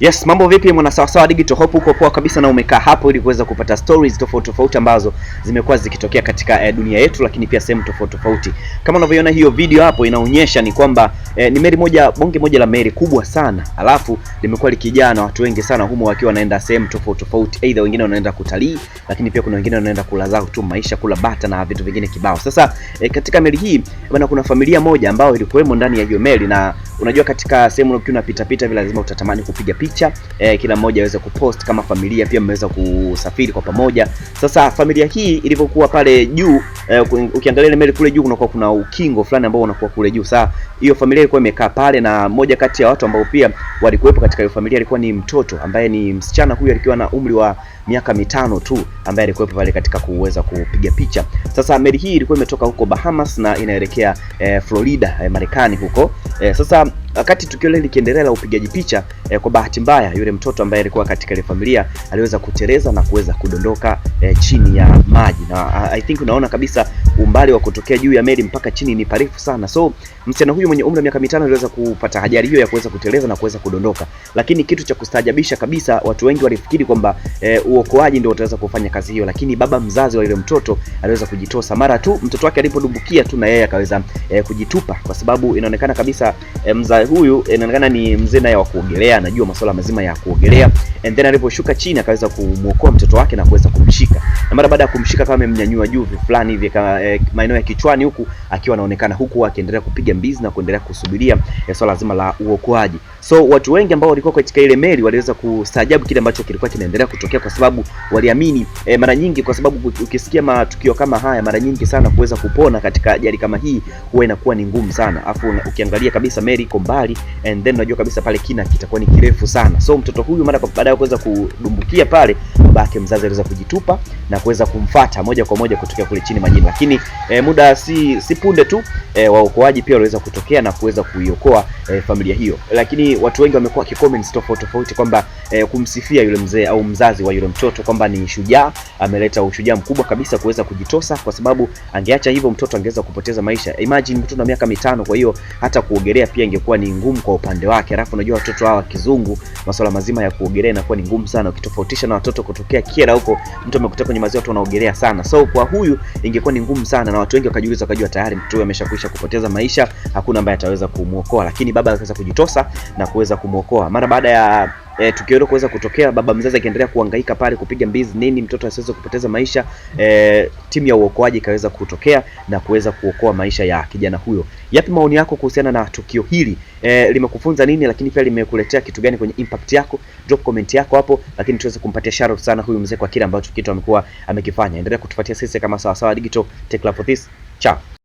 Yes, mambo vipi mwana sawa sawa digital, hope uko poa kabisa na umekaa hapo ili kuweza kupata stories tofauti tofauti ambazo zimekuwa zikitokea katika eh, dunia yetu, lakini pia sehemu tofauti tofauti. Kama unavyoona hiyo video hapo inaonyesha ni kwamba eh, ni meli moja, bonge moja la meli kubwa sana, alafu limekuwa likijaa na watu wengi sana humo, wakiwa wanaenda sehemu tofauti tofauti, aidha wengine wanaenda kutalii, lakini pia kuna wengine wanaenda kula zao tu maisha, kula bata na vitu vingine kibao. Sasa eh, katika meli hii bwana, kuna familia moja ambayo ilikuwemo ndani ya hiyo meli na Unajua, katika sehemu unakuwa unapita pita vile, lazima utatamani kupiga picha e, kila mmoja aweze kupost kama familia, pia mmeweza kusafiri kwa pamoja. Sasa familia hii ilivyokuwa pale juu uh, ukiangalia ile meli kule juu kunakuwa kuna ukingo fulani ambao unakuwa kule juu. Sasa hiyo familia ilikuwa imekaa pale, na moja kati ya watu ambao pia walikuwepo katika hiyo familia alikuwa ni mtoto ambaye ni msichana, huyu alikuwa na umri wa miaka mitano tu, ambaye alikuwepo pale katika kuweza kupiga picha. Sasa meli hii ilikuwa imetoka huko Bahamas na inaelekea eh, Florida eh, Marekani huko eh, sasa Wakati tukio lile likiendelea la upigaji picha eh, kwa bahati mbaya yule mtoto ambaye alikuwa katika ile familia aliweza kuteleza na kuweza kudondoka eh, chini ya maji, na ah, I think unaona kabisa umbali wa kutokea juu ya meli mpaka chini ni parefu sana. So msichana huyu mwenye umri wa miaka mitano aliweza kupata ajali hiyo ya kuweza kuteleza na kuweza kudondoka, lakini kitu cha kustaajabisha kabisa, watu wengi walifikiri kwamba eh, uokoaji ndio utaweza kufanya kazi hiyo, lakini baba mzazi wa yule mtoto aliweza kujitosa mara tu mtoto wake alipodumbukia tu, na yeye akaweza eh, kujitupa kwa sababu inaonekana kabisa eh, mzazi huyu eh, inaonekana ni mzee naye wa kuogelea, anajua masuala mazima ya kuogelea, and then aliposhuka chini akaweza kumwokoa mtoto wake na kuweza kumshika, na mara baada ya kumshika kama amemnyanyua juu vi fulani hivi eh, maeneo ya kichwani huku akiwa anaonekana huku akiendelea kupiga mbizi na kuendelea kusubiria eh, swala zima la uokoaji. So watu wengi ambao walikuwa katika ile meli waliweza kustaajabu kile ambacho kilikuwa kinaendelea kutokea, kwa sababu waliamini eh, mara nyingi, kwa sababu ukisikia matukio kama haya mara nyingi sana kuweza kupona katika ajali kama hii huwa inakuwa ni ngumu sana, afu ukiangalia kabisa meli iko mbali, and then unajua kabisa pale kina kitakuwa ni kirefu sana. So mtoto huyu mara baada ya kuweza kudumbukia pale, babake mzazi aliweza kujitupa na kuweza kumfata moja kwa moja kutokea kule chini majini, lakini e, muda si, si punde tu e, waokoaji pia waliweza kutokea na kuweza kuiokoa e, familia hiyo. Lakini watu wengi wamekuwa kicomments tofauti tofauti kwamba e, kumsifia yule mzee au mzazi wa yule mtoto kwamba ni shujaa, ameleta ushujaa mkubwa kabisa kuweza kujitosa, kwa sababu angeacha hivyo mtoto angeweza kupoteza maisha. Imagine mtoto na miaka mitano, kwa hiyo hata kuogelea pia ingekuwa ni ngumu kwa upande wake. Alafu unajua watoto hawa kizungu, masuala mazima ya kuogelea inakuwa ni ngumu sana, ukitofautisha na watoto kutokea kiera huko, mtu amekuta kwenye maziwa, watu wanaogelea sana. So kwa huyu ingekuwa ni ngumu sana, na watu wengi wakajiuliza, wakajua tayari mtoto huyu ameshakwisha kupoteza maisha, hakuna ambaye ataweza kumuokoa, lakini baba akaweza kujitosa na kuweza kumuokoa mara baada ya e, tukio hilo kuweza kutokea, baba mzazi akiendelea kuhangaika pale kupiga mbizi nini, mtoto asiweze kupoteza maisha e, timu ya uokoaji ikaweza kutokea na kuweza kuokoa maisha ya kijana huyo. Yapi maoni yako kuhusiana na tukio hili e, limekufunza nini, lakini pia limekuletea kitu gani kwenye impact yako? Drop comment yako hapo, lakini tuweze kumpatia shout out sana huyu mzee kwa kile ambacho kitu amekuwa amekifanya. Endelea kutufuatia sisi kama Sawasawa Digital. Take love for this. Ciao.